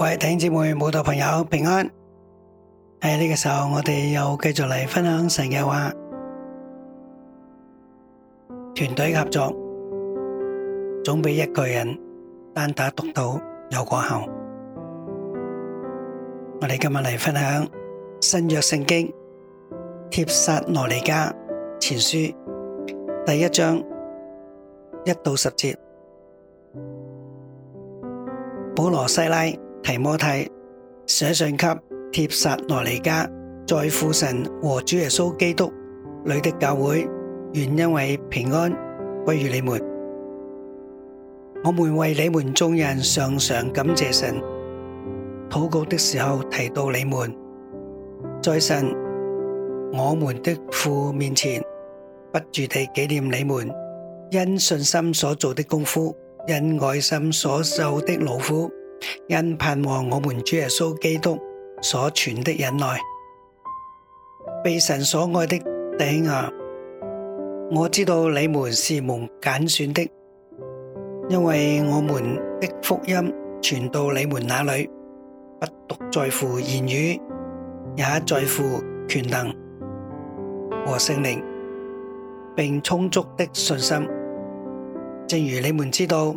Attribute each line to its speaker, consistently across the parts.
Speaker 1: 喂，弟兄姊妹、慕道朋友平安。喺、哎、呢、這個時候，我哋又繼續嚟分享神嘅話。團隊合作總比一個人單打獨鬥有果效。我哋今日嚟分享新約聖經帖撒羅尼迦前書第一章一到十節，保羅西拉。提摩太，寫信給帖撒羅尼迦在父神和主耶穌基督裏的教會，願因為平安歸於你們。我們為你們眾人常常感謝神，禱告的時候提到你們，在神我們的父面前不住地紀念你們，因信心所做的功夫，因愛心所受的勞苦。因盼望我們主耶穌基督所傳的忍耐，被神所愛的弟兄啊！我知道你們是蒙揀選的，因為我們的福音傳到你們那裏，不獨在乎言語，也在乎權能和聖靈，並充足的信心，正如你們知道。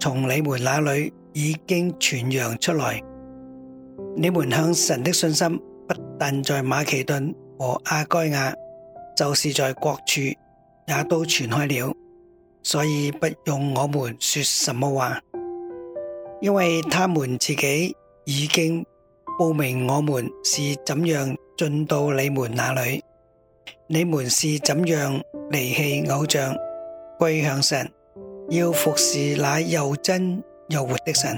Speaker 1: 從你們那裏已經傳揚出來，你們向神的信心不但在馬其頓和亞該亞，就是在各處也都傳開了。所以不用我們說什麼話，因為他們自己已經報明我們是怎樣進到你們那裏，你們是怎樣離棄偶像，歸向神。要服侍那又真又活的神，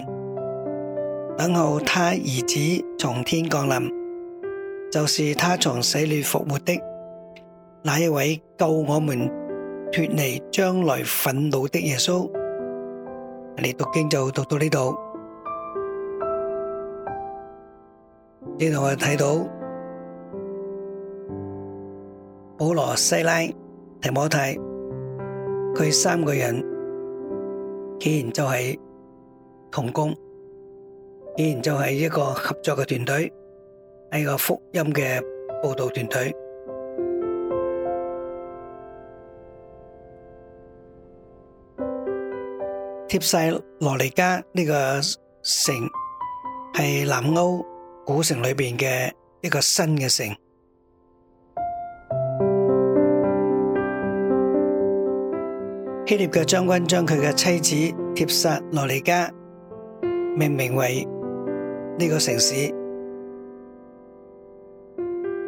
Speaker 1: 等候他兒子從天降臨，就是他從死裏復活的那一位救我們脫離將來憤怒的耶穌。你讀經就讀到呢度，你同我睇到保羅、西拉、提摩太，佢三個人。既然就係同工，既然就係一個合作嘅團隊，係一個福音嘅報道團隊，貼晒羅尼加呢個城，係南歐古城裏邊嘅一個新嘅城。希臘嘅將軍將佢嘅妻子帖撒羅尼迦命名為呢個城市。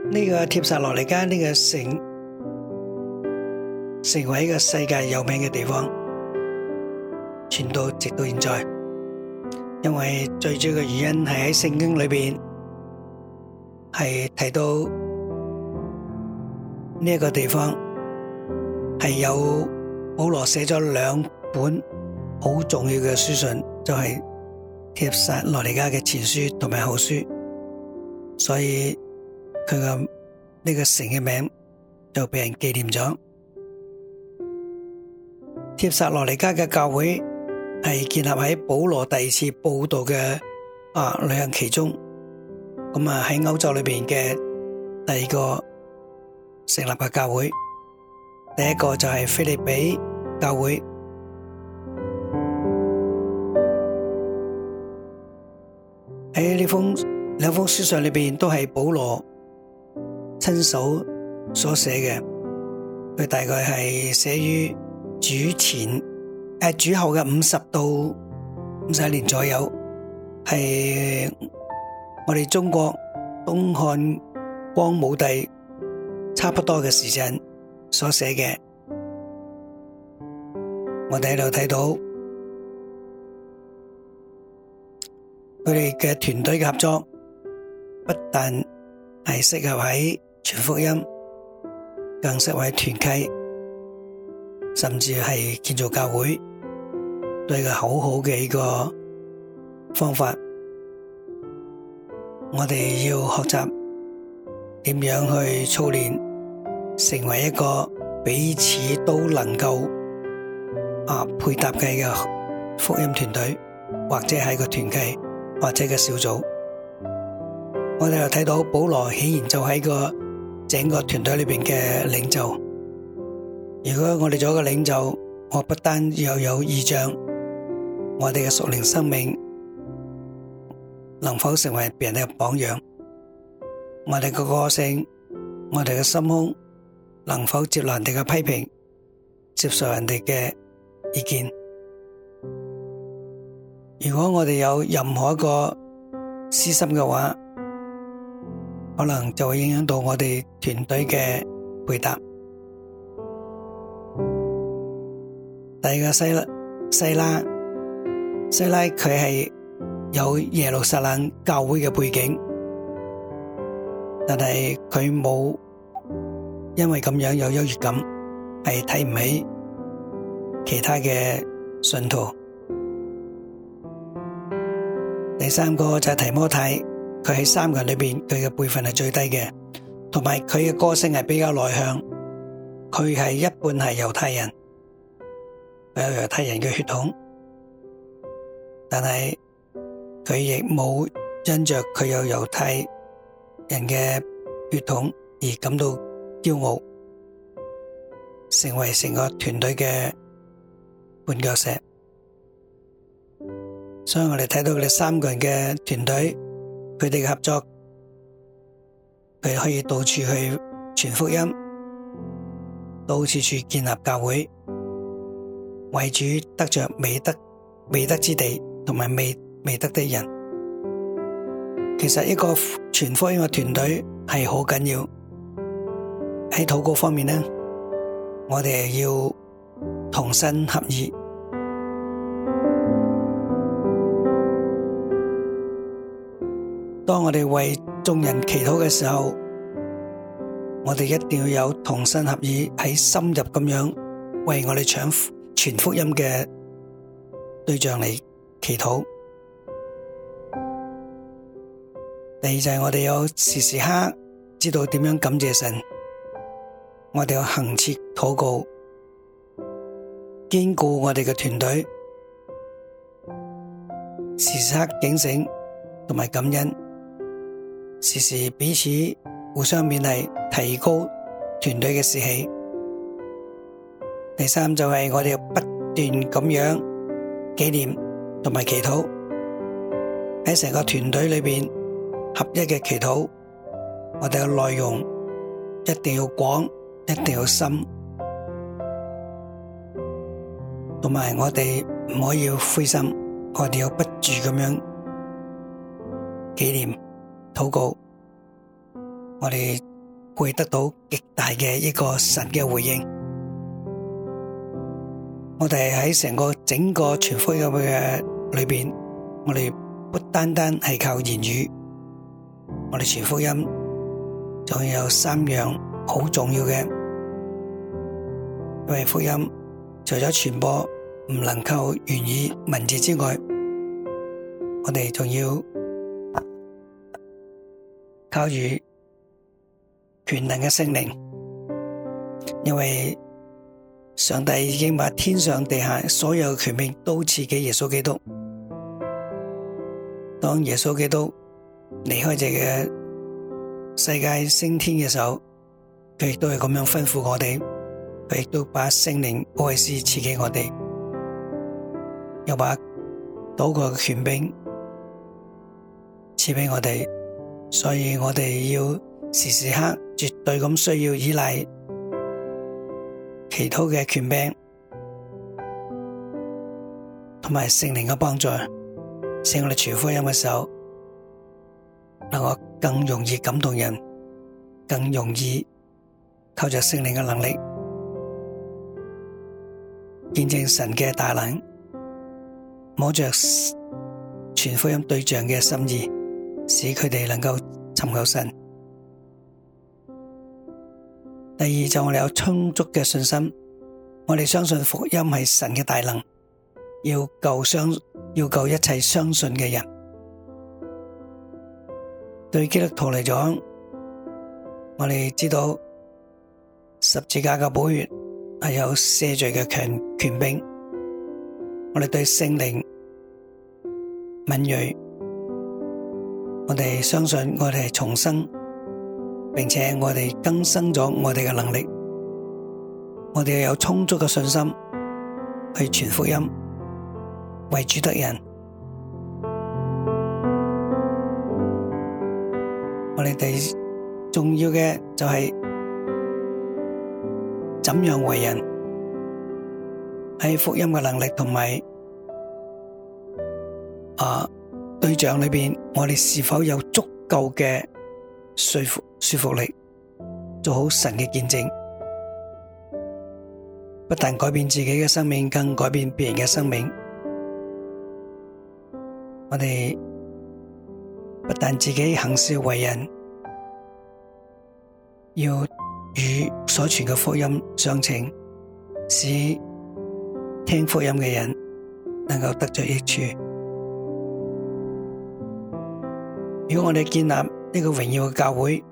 Speaker 1: 呢個帖撒羅尼迦呢個城成為一個世界有名嘅地方，傳到直到現在。因為最主要嘅原因係喺聖經裏面係提到呢一個地方係有。保羅寫咗兩本好重要嘅書信，就係帖撒羅尼加嘅前書同埋後書，所以佢嘅呢個城嘅名就被人紀念咗。帖撒羅尼加嘅教會係建立喺保羅第二次布道嘅啊旅行其中，咁啊喺歐洲裏邊嘅第二個成立嘅教會。第一個就是腓立比教會。喺呢封兩封書信裏面，都是保羅親手所寫嘅，佢大概是寫於主前主後嘅五十到五十年左右，是我哋中國東漢光武帝差不多嘅時間。所寫嘅，我哋喺度睇到佢哋嘅團隊合作，不但係適合喺傳福音，更適合喺團契，甚至係建造教會，對佢好好嘅一個方法。我哋要學習點樣去操練。成為一個彼此都能夠啊配搭嘅福音團隊，或者係個團體，或者嘅小組，我哋又睇到保羅顯然就係個整個團隊裏邊嘅領袖。如果我哋做一個領袖，我不單要有異象，我哋嘅屬靈生命能否成為別人嘅榜樣？我哋嘅個性，我哋嘅心胸。能否接納人哋嘅批評，接受人哋嘅意見？如果我哋有任何一個私心嘅話，可能就會影響到我哋團隊嘅配搭。第二個西西拉，西拉佢係有耶路撒冷教會嘅背景，但係佢冇。因為咁樣有優越感，係睇唔起其他嘅信徒。第三個就係提摩太，佢喺三個人裏邊，佢嘅輩分係最低嘅，同埋佢嘅個性係比較內向。佢係一半係猶太人，佢有猶太人嘅血統，但係佢亦冇因着佢有猶太人嘅血統而感到驕傲，成為成個團隊嘅絆腳石。所以我哋睇到你三個人嘅團隊，佢哋嘅合作，佢可以到處去傳福音，到處去建立教會，為主得着未得、未得之地同埋未未得的人。其實一個傳福音嘅團隊係好緊要。喺禱告方面呢，我哋要同心合意。當我哋為眾人祈禱嘅時候，我哋一定要有同心合意喺深入咁樣為我哋傳全福音嘅對象嚟祈禱。第二就係我哋要時時刻知道點樣感謝神。我哋要行切禱告，堅固我哋嘅團隊，時時刻警醒，同埋感恩，時時彼此互相勉勵，提高團隊嘅士氣。第三就係我哋要不斷咁樣紀念同埋祈禱，喺成個團隊裏邊合一嘅祈禱，我哋嘅內容一定要廣。一定要有心，同埋我哋唔可以灰心，我哋要不住咁樣紀念、禱告，我哋會得到極大嘅一個神嘅回應。我哋喺成個整個傳福音嘅裏邊，我哋不單單係靠言語，我哋傳福音仲有三樣好重要嘅。因為福音除咗傳播唔能夠源於文字之外，我哋仲要靠住權能嘅聖靈，因為上帝已經把天上地下所有權柄都賜給耶穌基督。當耶穌基督離開這個世界升天嘅時候，佢亦都係咁樣吩咐我哋。佢亦都把聖靈愛施賜俾我哋，又把禱告嘅權柄賜俾我哋，所以我哋要時時刻絕對咁需要依賴祈禱嘅權柄，同埋聖靈嘅幫助，使我哋傳福音嘅時候能夠更容易感動人，更容易靠着聖靈嘅能力。見證神嘅大能，摸著傳福音對象嘅心意，使佢哋能夠尋求神。第二就我哋有充足嘅信心，我哋相信福音係神嘅大能，要救相要救一切相信嘅人。對基督徒嚟講，我哋知道十字架嘅保全。係有赦罪嘅權柄，我哋對聖靈敏銳，我哋相信我哋係重生，並且我哋更生咗我哋嘅能力，我哋要有充足嘅信心去傳福音，為主得人。我哋最重要嘅就係。怎樣為人？喺福音嘅能力同埋啊對象裏邊，我哋是否有足夠嘅說服說服力，做好神嘅見證，不但改變自己嘅生命，更改變別人嘅生命。我哋不但自己行事為人要。與所傳嘅福音相稱，使聽福音嘅人能夠得着益處。如果我哋建立呢個榮耀嘅教會，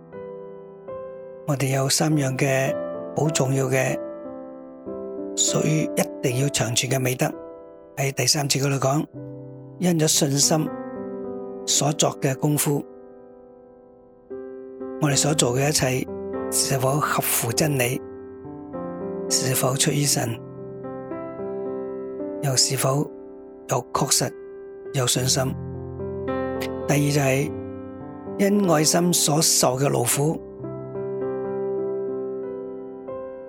Speaker 1: 我哋有三樣嘅好重要嘅，屬於一定要長存嘅美德。喺第三節度講，因咗信心所作嘅功夫，我哋所做嘅一切。是否合乎真理？是否出於神？又是否又確實有信心？第二就係、是、因愛心所受嘅勞苦，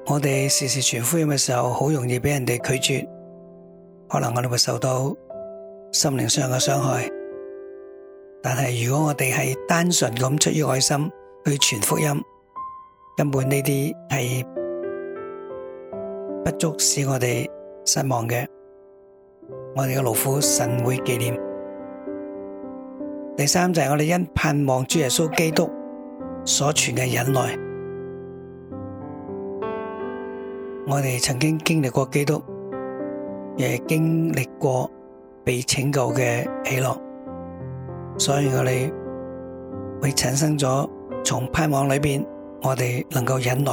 Speaker 1: 我哋時時傳福音嘅時候，好容易俾人哋拒絕，可能我哋會受到心靈上嘅傷害。但係如果我哋係單純咁出於愛心去傳福音。根本呢啲係不足使我哋失望嘅，我哋嘅勞苦神會紀念。第三就係我哋因盼望主耶穌基督所存嘅忍耐，我哋曾經經歷過基督，亦經歷過被拯救嘅喜樂，所以我哋會產生咗從盼望裏邊。我哋能夠忍耐，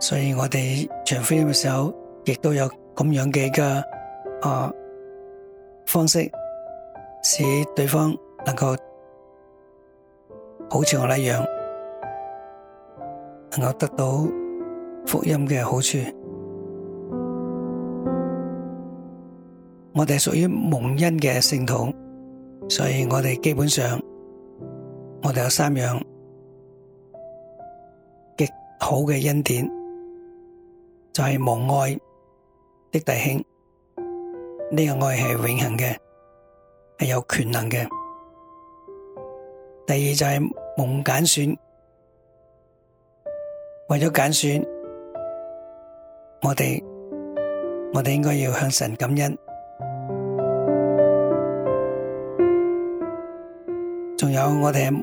Speaker 1: 所以我哋傳福音嘅時候，亦都有咁樣嘅一個啊方式，使對方能夠好似我一樣，能夠得到福音嘅好處。我哋屬於蒙恩嘅聖徒，所以我哋基本上。我哋有三樣極好嘅恩典，就係、是、蒙愛的弟兄，呢、這個愛係永恒嘅，係有權能嘅。第二就係蒙揀選，為咗揀選，我哋我哋應該要向神感恩。仲有我哋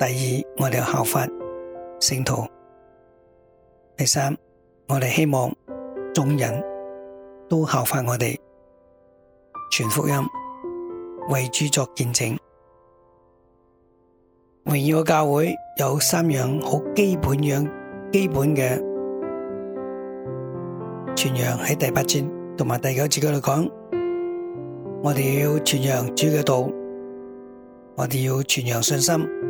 Speaker 1: 第二，我哋要效法聖徒；第三，我哋希望眾人都效法我哋，傳福音，為主作見證。榮耀嘅教會有三樣好基本樣基本嘅傳揚喺第八節同埋第九節嗰度講，我哋要傳揚主嘅道，我哋要傳揚信心。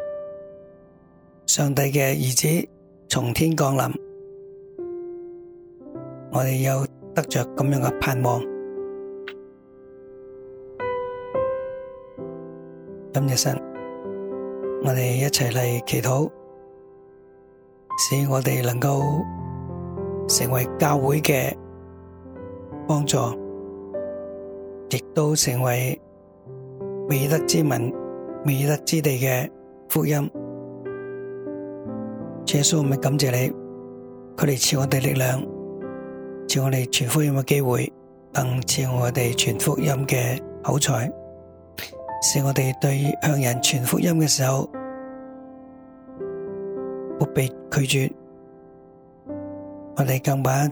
Speaker 1: 上帝嘅兒子從天降臨，我哋又得着咁樣嘅盼望。今日神，我哋一齊嚟祈禱，使我哋能夠成為教會嘅幫助，亦都成為未得之民、未得之地嘅福音。耶穌，我咪感謝你，佢哋賜我哋力量，賜我哋傳福音嘅機會，更賜我哋傳福音嘅口才，使我哋對向人傳福音嘅時候，不被拒絕。我哋更把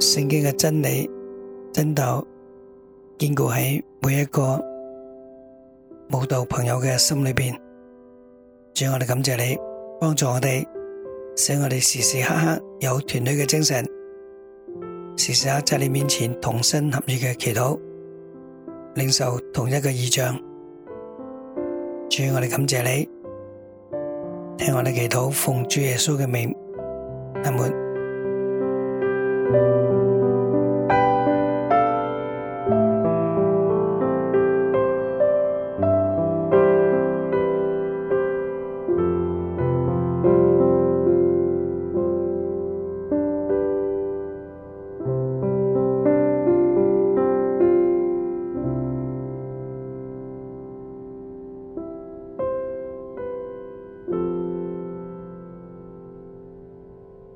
Speaker 1: 聖經嘅真理、真道，堅固喺每一個慕道朋友嘅心裏邊。主，我哋感謝你，幫助我哋。使我哋時時刻刻有團隊嘅精神，時時刻在你面前同心合意嘅祈禱，領受同一個異象。主，我哋感謝你，聽我哋祈禱，奉主耶穌嘅名。阿門。